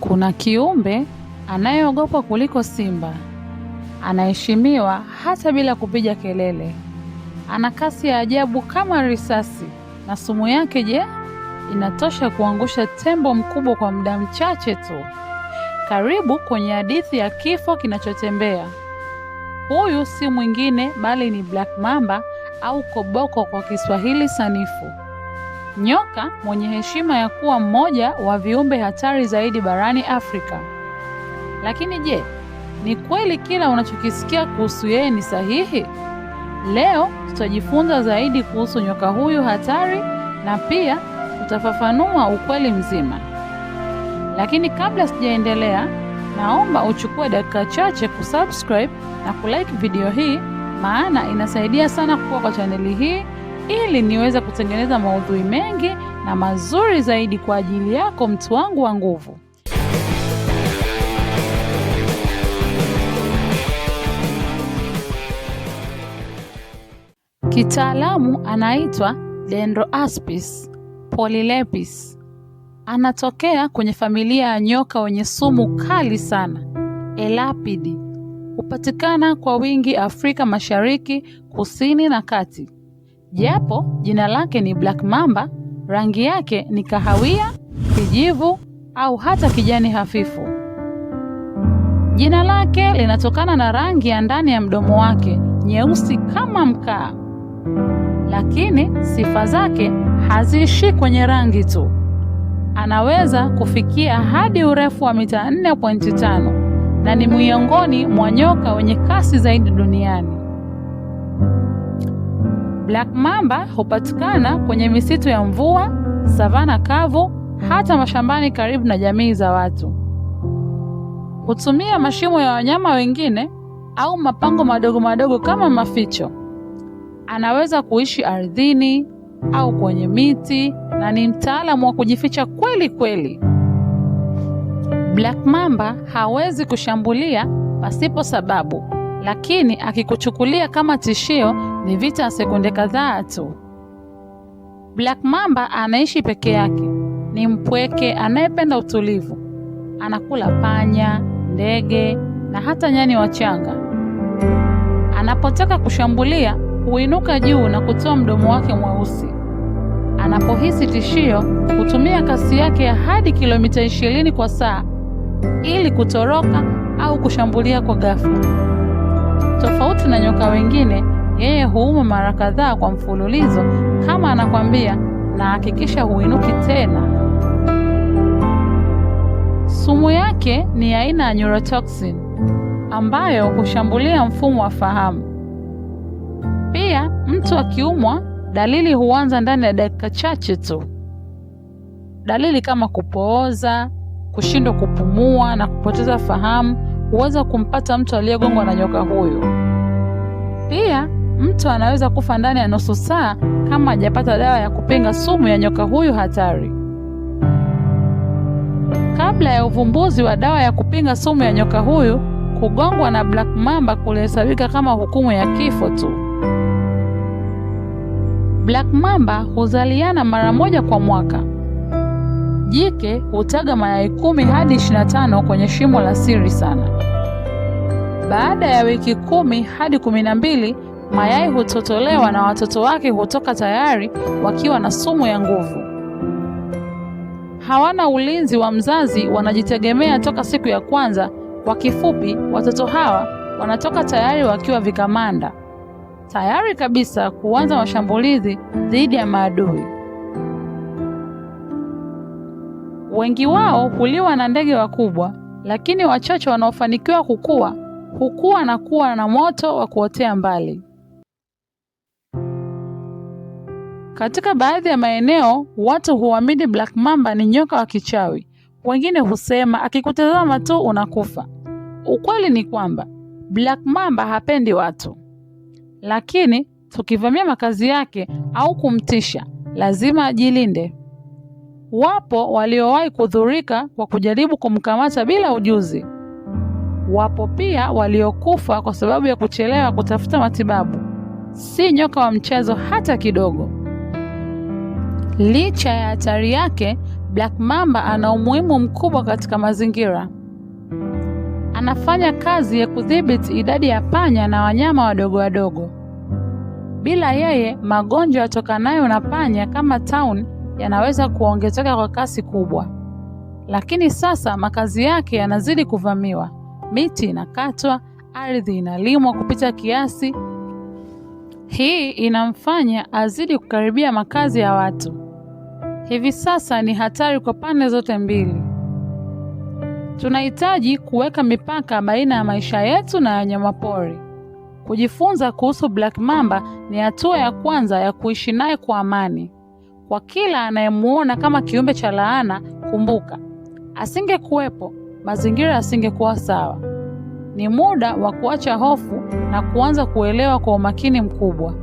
Kuna kiumbe anayeogopwa kuliko simba, anaheshimiwa hata bila kupiga kelele, ana kasi ya ajabu kama risasi, na sumu yake je, inatosha kuangusha tembo mkubwa kwa muda mchache tu. Karibu kwenye hadithi ya kifo kinachotembea. Huyu si mwingine bali ni Black Mamba au koboko kwa Kiswahili sanifu. Nyoka mwenye heshima ya kuwa mmoja wa viumbe hatari zaidi barani Afrika. Lakini je, ni kweli kila unachokisikia kuhusu yeye ni sahihi? Leo tutajifunza zaidi kuhusu nyoka huyu hatari na pia tutafafanua ukweli mzima. Lakini kabla sijaendelea, naomba uchukue dakika chache kusubscribe na kulike video hii maana inasaidia sana kukua kwa chaneli hii ili niweze kutengeneza maudhui mengi na mazuri zaidi kwa ajili yako, mtu wangu wa nguvu. Kitaalamu anaitwa Dendroaspis polylepis. Anatokea kwenye familia ya nyoka wenye sumu kali sana, Elapidi. Hupatikana kwa wingi Afrika Mashariki, Kusini na Kati japo jina lake ni Black Mamba, rangi yake ni kahawia, kijivu au hata kijani hafifu. Jina lake linatokana na rangi ya ndani ya mdomo wake, nyeusi kama mkaa. Lakini sifa zake haziishi kwenye rangi tu. Anaweza kufikia hadi urefu wa mita 4.5 na ni miongoni mwa nyoka wenye kasi zaidi duniani. Black mamba hupatikana kwenye misitu ya mvua, savana kavu, hata mashambani karibu na jamii za watu. Hutumia mashimo ya wanyama wengine au mapango madogo madogo kama maficho. Anaweza kuishi ardhini au kwenye miti na ni mtaalamu wa kujificha kweli kweli. Black mamba hawezi kushambulia pasipo sababu, lakini akikuchukulia kama tishio ni vita ya sekunde kadhaa tu. Black Mamba anaishi peke yake, ni mpweke anayependa utulivu. Anakula panya, ndege na hata nyani wachanga. Anapotaka kushambulia, huinuka juu na kutoa mdomo wake mweusi. Anapohisi tishio, hutumia kasi yake ya hadi kilomita ishirini kwa saa ili kutoroka au kushambulia kwa ghafla. Tofauti na nyoka wengine, yeye huuma mara kadhaa kwa mfululizo kama anakwambia, na hakikisha huinuki tena. Sumu yake ni aina ya neurotoxin ambayo hushambulia mfumo wa fahamu. Pia mtu akiumwa, dalili huanza ndani ya dakika chache tu. Dalili kama kupooza, kushindwa kupumua na kupoteza fahamu huweza kumpata mtu aliyegongwa na nyoka huyo. Pia Mtu anaweza kufa ndani ya nusu saa kama hajapata dawa ya kupinga sumu ya nyoka huyu hatari. Kabla ya uvumbuzi wa dawa ya kupinga sumu ya nyoka huyu, kugongwa na black mamba kulihesabika kama hukumu ya kifo tu. Black mamba huzaliana mara moja kwa mwaka. Jike hutaga mayai kumi hadi 25 kwenye shimo la siri sana. Baada ya wiki kumi hadi kumi na mbili mayai hutotolewa na watoto wake hutoka tayari wakiwa na sumu ya nguvu. Hawana ulinzi wa mzazi, wanajitegemea toka siku ya kwanza. Kwa kifupi, watoto hawa wanatoka tayari wakiwa vikamanda, tayari kabisa kuanza mashambulizi dhidi ya maadui. Wengi wao huliwa na ndege wakubwa, lakini wachache wanaofanikiwa kukua hukua na kuwa na moto wa kuotea mbali. Katika baadhi ya maeneo watu huamini Black Mamba ni nyoka wa kichawi. Wengine husema akikutazama tu unakufa. Ukweli ni kwamba Black Mamba hapendi watu, lakini tukivamia makazi yake au kumtisha, lazima ajilinde. Wapo waliowahi kudhurika kwa kujaribu kumkamata bila ujuzi. Wapo pia waliokufa kwa sababu ya kuchelewa kutafuta matibabu. Si nyoka wa mchezo hata kidogo. Licha ya hatari yake, black mamba ana umuhimu mkubwa katika mazingira. Anafanya kazi ya kudhibiti idadi ya panya na wanyama wadogo wadogo. Bila yeye, magonjwa yatokanayo na panya kama town yanaweza kuongezeka kwa kasi kubwa. Lakini sasa makazi yake yanazidi kuvamiwa, miti inakatwa, ardhi inalimwa kupita kiasi hii inamfanya azidi kukaribia makazi ya watu. Hivi sasa ni hatari kwa pande zote mbili. Tunahitaji kuweka mipaka baina ya maisha yetu na wanyamapori. Kujifunza kuhusu Black Mamba ni hatua ya kwanza ya kuishi naye kwa amani. Kwa kila anayemuona kama kiumbe cha laana, kumbuka, asingekuwepo, mazingira asingekuwa sawa. Ni muda wa kuacha hofu na kuanza kuelewa kwa umakini mkubwa.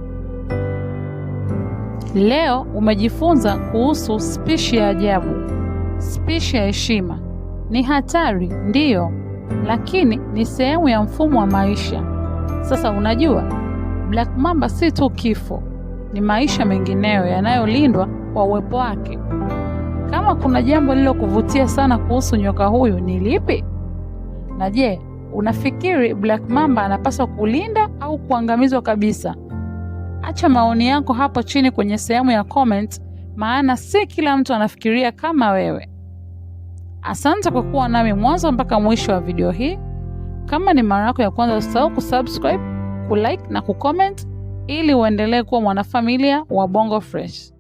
Leo umejifunza kuhusu spishi ya ajabu, spishi ya heshima. Ni hatari ndiyo, lakini ni sehemu ya mfumo wa maisha. Sasa unajua, Black Mamba si tu kifo, ni maisha mengineyo yanayolindwa kwa uwepo wake. Kama kuna jambo lililokuvutia sana kuhusu nyoka huyu ni lipi? Na je, Unafikiri Black Mamba anapaswa kulinda au kuangamizwa kabisa? Acha maoni yako hapo chini kwenye sehemu ya comment, maana si kila mtu anafikiria kama wewe. Asante kwa kuwa nami mwanzo mpaka mwisho wa video hii. Kama ni mara yako ya kwanza, usisahau kusubscribe, kulike na kucomment ili uendelee kuwa mwanafamilia wa Bongo Fresh.